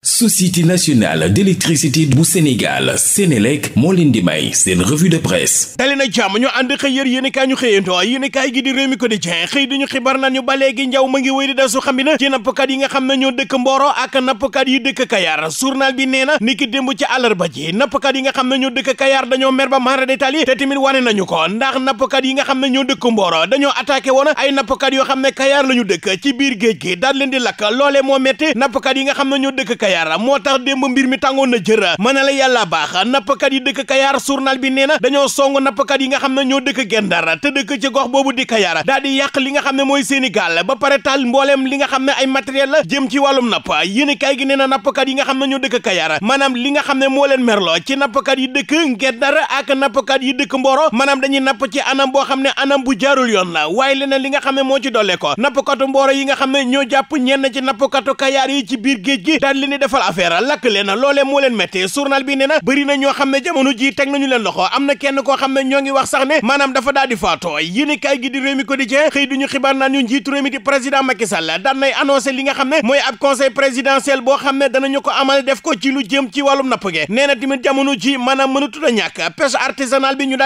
société nationale d'électricité bu Sénégal Sénélec moo leen di may seen revue de presse dali na jàmm ñu ànd xëy yër yéenekaay ñu xëyantoo yéenekaay gi di Rewmi Quotidien xëy dañu xibaar naan ñu ba léegi njaw ma ngi wéy di dasu xam bi ci nappkat yi nga xam ne ñoo dëkk Mboro ak nappkat yi dëkk Kayar journal bi nee na niki démb ci àllarba nappkat yi nga xam ne ñoo dëkk Kayar dañoo mer ba mara détal yi te tamit wane nañu ko ndax nappkat yi Kayar moo tax démb mbir mi tàngoon na jër mën na la yàlla baax nappkat yi dëkk Kayar journal bi nee dañoo song nappkat yi nga xam ne ñoo dëkk Gendar te dëkk ci gox boobu di Kayar daal yàq li nga xam ne mooy seeni gaal ba pare taal mbooleem li nga xam ne ay matériel la jëm ci wàllum napp yéen kay gi nee na nappkat yi nga xam ne ñoo dëkk Kayar maanaam li nga xam ne moo leen merlo ci nappkat yi dëkk Gendar ak napp ci yi nga xam ne ñoo di defal affaire lakk leen loolee moo leen métti journal bi nee na ñoo xam ne jamono ji teg nañu leen loxo am na kenn koo xam ne ñoo ngi wax sax ne maanaam dafa daal di faatoo yéen kaay gi di réew mi quotidien xëy duñu xibaar naan ñu njiitu mi di président Macky Sall daan nay annoncé li nga xam ne mooy ab conseil présidentiel boo xam ne danañu ko amal def ko ci lu jëm ci wàllum napp ge nee na tamit ji maanaam mënatu la ñàkk pêche artisanale bi ñu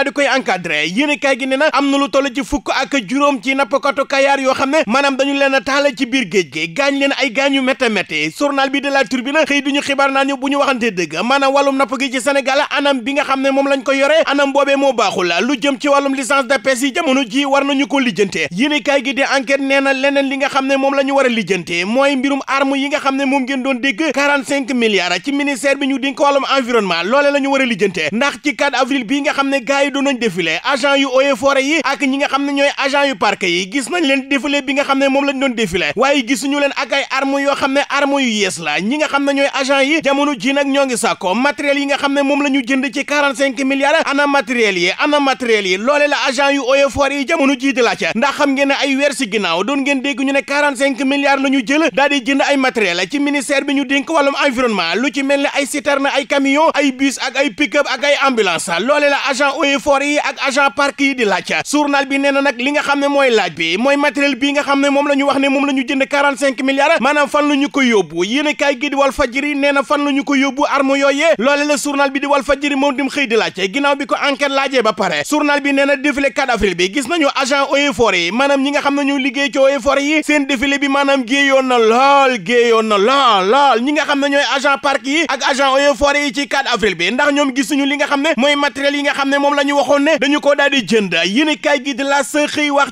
la xëy duñu xibaar naa ñu bu ñu waxantee dëgg maanaam wàllum napp gi ci Sénégal anam bi nga xam ne moom lañ ko yore anam boobee moo baaxul lu jëm ci wàllum licence de yi jamono ji war nañu ko lijjante yéenekaay gi di enquête nee na leneen li nga xam ne moom la ñu war a lijjante mooy mbirum arme yi nga xam ne moom ngeen doon dégg 45 milliards ci ministère bi ñu dénk ko wàllum environnement loole la ñu war a lijjante ndax ci 4 avril bi nga xam ne gars yi doon nañ défilé nga xam ne ñooy agent yu parc yi gis nañ leen défilé bi nga xam ne moom lañ doon défilé waaye gisuñu leen ak ay arme yoo ne arme yu yees la ñi xam ne ñooy agent yi jamono ji nag ñoo ngi sako matériel yi nga xam ne moom la ñu jënd ci quarante cinq milliards ana matériel yi ana matériel yi loole la agent yu eaux et forêts yi jamono ji di laaj ndax xam ngeen ne ay weer si ginnaaw doon ngeen dégg ñu ne quarante cinq milliards la ñu jël daal di jënd ay matériel ci ministère bi ñu dénk wàllum environnement lu ci mel ne ay citerne ay camion ay bus ak ay pick-up ak ay ambulance loole la agent eaux et forêts yi ak agent parc yi di laaj journal bi nee na li nga xam ne laaj mooy matériel bi nga xam ne moom la ñu wax ne moom la jënd quarante cinq milliards maanaam fan la ñu ko yóbbu yéen a Walfadjri nee na fan la ñu ko yóbbu arme yooyee loole la journal bi di Walfadjri moom dim xëy di laajte ginnaaw bi ko enquête laajee ba pare journal bi nee na défilé 4 avril bi gis nañu agent eaux et forêts yi maanaam ñi nga xam ne ñoo liggéey ci eaux et forêts yi seen défilé bi maanaam géeyoon na lool géeyoon na lool ñi nga xam ne ñooy agent parc yi ak agent eaux et forêts yi ci 4 avril bi ndax ñoom gisuñu li nga xam ne mooy matériel yi nga xam ne moom la ñu waxoon ne dañu koo daal di jënd yéen kay gi di la sa xëy wax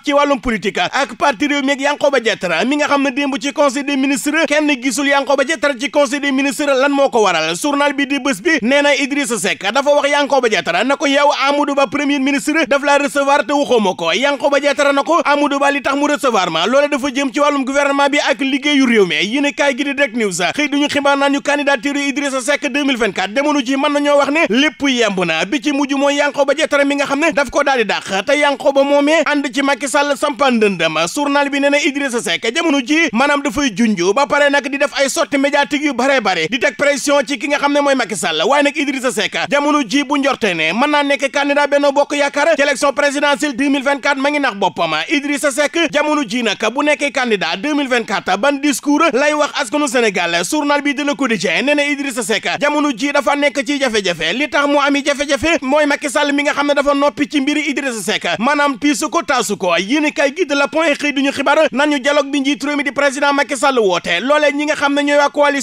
mi nga xam ne démb ci conseil des ministres kenn gisul conseil des lan moo ko waral journal bi di bés bi nee na Idrissa dafa wax Yankhoba Diattara na ko yow Amadou Ba premier ministre daf laa recevoir te waxoo ma ko Yankhoba Diattara na ko Amadou Ba li tax mu recevoir ma loolee dafa jëm ci wàllum gouvernement bi ak liggéeyu réew mi yéen kaay gi di Direct News xëy xibaar naan ñu candidature Idrissa Seck 2024 demoonu ci daf ko daal di dàq te Yankhoba moomee ànd ci Macky Sall sampan dëndam journal bi yu bare bare di teg ci ki nga xam ne mooy Macky Sall waaye nag Idrissa Seck jamono ji bu njorte ne mën naa nekk candidat Benno Bokk Yaakaar ci élection ma ngi nax boppam Idrissa Seck jamono ji nag bu nekkee candidat 2024 ban lay wax askanu Sénégal journal bi de Le Quotidien nee na Idrissa Seck jamono ji dafa nekk ci jafe-jafe li tax mu ami jafe-jafe mooy Macky mi nga xam ne dafa noppi ci mbiri Idrissa Seck maanaam piisu ko taasu ko yéen kay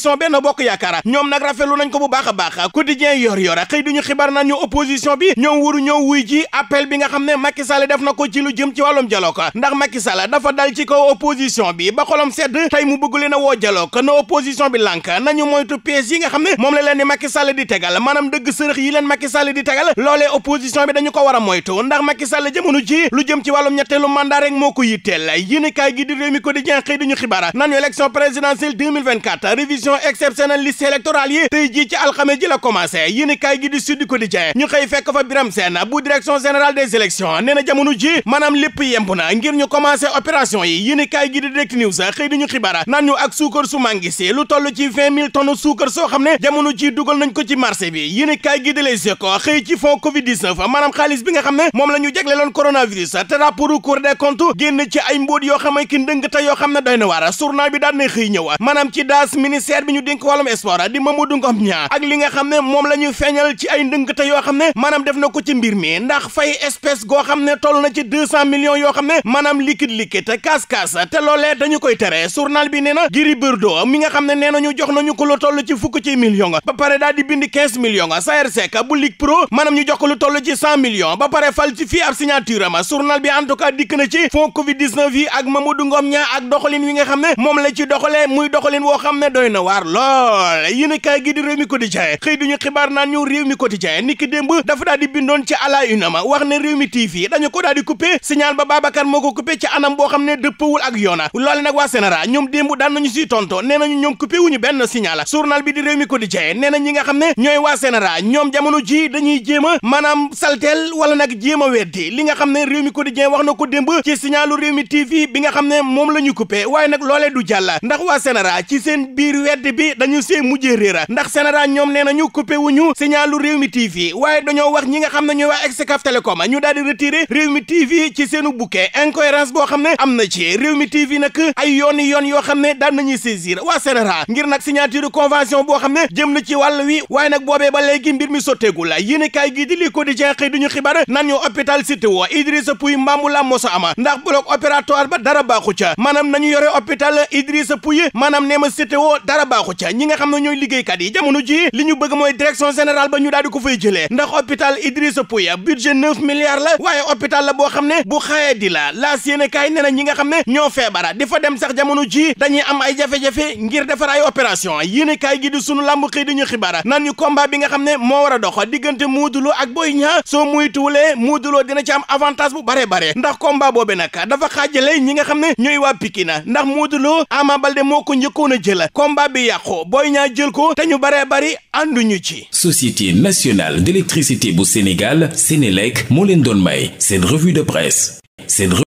coalition benn bokk yaakaar ñoom nag rafetlu nañ ko bu baax a baax quotidien yor yor xëy duñu xibaar naan bi ñoom waru ñoo wuy ji appel bi nga xam ne Macky Sall def ko ci lu jëm ci wàllum dialogue ndax Macky Sall dafa dal ci kaw opposition bi ba xolam sedd tey mu bëgg leen a woo dialogue na opposition bi lànk nañu moytu piège nga xam ne moom la leen di Macky Sall di tegal maanaam dëgg sërëx yi leen di tegal loolee opposition bi dañu ko war moytu ndax Macky Sall jamono lu jëm ci wàllum ñetteelu mandat rek moo exceptionnelle liste électorale yi tey jii ci alxames ji la commencé yéen kaay gi di Sud Quotidien ñu xëy fekk fa Birame Sène bu direction générale des élections nee na ji maanaam lépp yemb na ñu commencé opération yi yéen kaay gi di Direct News di ñu xibaar naan ñu ak suukar su mangi lu toll ci vingt mille tonnes suukar soo xam ne jamono ji dugal nañ ko ci marché bi yéen kaay gi di Les Échos xëy ci fonds Covid 19 maanaam xaalis bi nga xam ne m yoo xam ne ki ndëng te yoo xam ne doy na waar bi ñu dénk wàllum sport di nga xam ne moom la ñu feeñal ci ay ndëngte yoo xam ne maanaam def na ko ci mbir mi ndax fay espèce goo xam ne toll na ci cent millions yoo xam ne maanaam liquide liquide kaas kaas te loolee dañu koy tere journal bi nee na Gris nga xam ne nee nañu jox nañu ko lu toll ci fukk ci million pare daal di bind quinze millions SAERSEC bu Ligue Pro maanaam ñu jox ko lu toll ci cent millions ba pare falsifié ab signature am journal bi en tout yi Ngom ñaa ak doxalin nga xam ne moom la ci doxalee muy doxalin woo xam ne doy na waa waar lool yéenekaay gi di réew mi quotidien xëy duñu xibaar naan ñu réew mi quotidien niki démb dafa daal di bindoon ci à la une ma wax ne réew mi dañu ko daal di coupé ba Babacar moo ko coupé ci anam boo xam ne dëppawul ak yoona loole nag waa Sénéra ñoom démb daan nañu siy tonto nee nañu ñoom coupé wuñu benn signal journal bi di réew mi quotidien nee na ñi nga xam ne ñooy waa Sénéra ñoom jamono ji dañuy jéem a maanaam salteel nag jéem li nga xam ne réew mi ko démb ci signalu réew mi TV bi nga xam ne moom la ñu coupé waaye nag loolee du jàll ndax waa Sénéra ci seen biir weddi société bi dañu see mujjee réera ndax sénéral ñoom nee nañu coupé wuñu signalu réew mi TV waaye dañoo wax ñi nga xam na ñooy waa Excaf Télécom ñu daal di retiré réew mi TV ci seenu bouquet incohérence boo xam ne am na ci réew mi TV nag ay yooni yoon yoo xam ne daan nañuy saisir waa sénéral ngir nag signature convention boo xam ne jëm na ci wàll wi waaye nag boobee ba léegi mbir mi sotteegul yéen kaay gi la mosa ama ndax bloc opératoire ba dara baaxu ca maanaam nañu yore baaxu ca ñi nga xam ne ñooy liggéeykat yi jamono ji li ñu bëgg mooy direction générale ba ñu daal di ko fay jëlee ndax hôpital Idrissa Pouye budget neuf milliards la waaye opital la boo xam ne bu xaye di la laas yéene kaay nee na ñi nga xam ne ñoo feebara difa dem sax jamono ji dañuy am ay jafe-jafe ngir defar ay opération yéene kaay gi di sunu làmb xëy di ñu xibaar naan ñu combat bi nga xam ne moo war a dox diggante Modou Lo ak Boy Niang soo muy tuulee Modou dina ci am avantage bu bare bare ndax combat boobe nag dafa xaajale ñi nga xam ne ñooy waa ndax Modou Lo Ama moo ko njëkkoon a jël yàqu Boy Niang jël ko te ñu baree bari ànduñu ci. Société nationale d'électricité bu Sénégal Sénélec moo leen doon may seen revue de presse seen.